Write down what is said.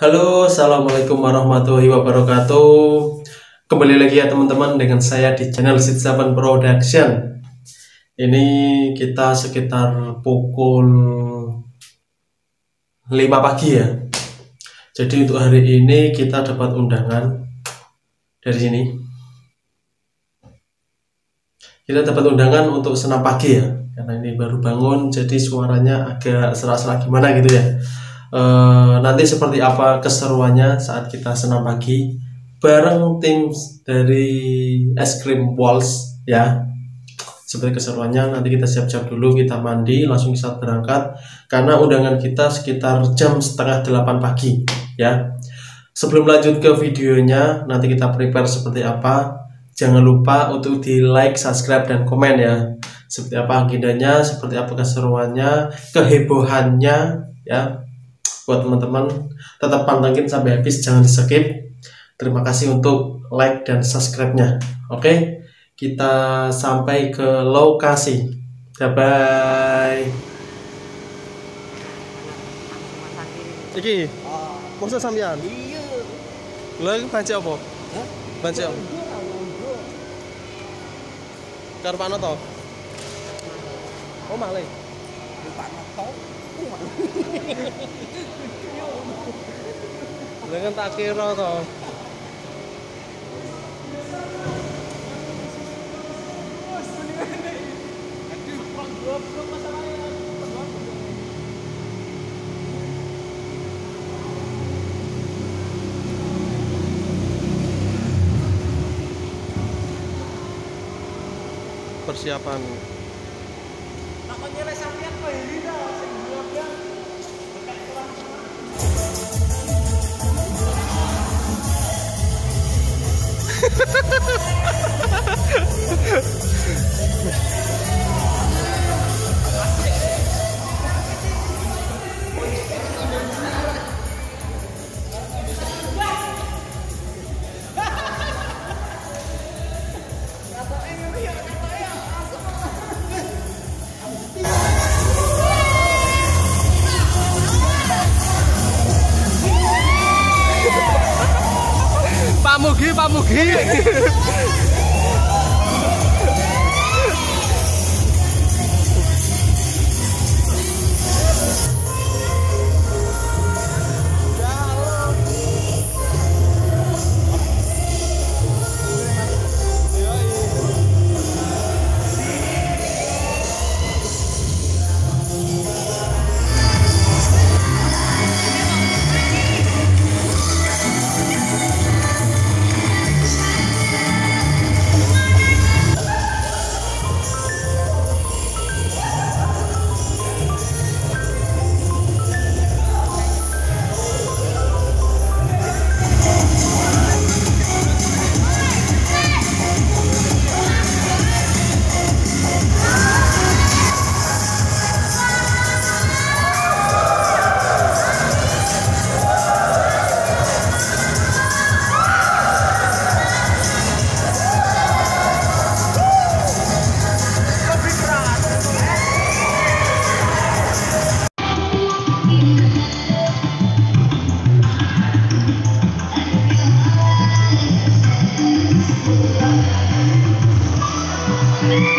Halo, Assalamualaikum warahmatullahi wabarakatuh Kembali lagi ya teman-teman dengan saya di channel Sit7 Production Ini kita sekitar pukul 5 pagi ya Jadi untuk hari ini kita dapat undangan dari sini Kita dapat undangan untuk senam pagi ya Karena ini baru bangun jadi suaranya agak serak-serak gimana gitu ya Eh, nanti seperti apa keseruannya saat kita senam pagi bareng tim dari es krim walls ya seperti keseruannya nanti kita siap-siap dulu kita mandi langsung kita berangkat karena undangan kita sekitar jam setengah delapan pagi ya sebelum lanjut ke videonya nanti kita prepare seperti apa jangan lupa untuk di like subscribe dan komen ya seperti apa agendanya seperti apa keseruannya kehebohannya ya buat teman-teman tetap pantengin sampai habis jangan di skip terima kasih untuk like dan subscribe nya oke kita sampai ke lokasi bye bye Iki, masa sampean? Iya. Lha iki banci apa? baca Banci apa? Karpano to? Oh, malah. Karpano jenengan tak kira to. persiapan. Takutnya sampean kok ini pra morrer. Música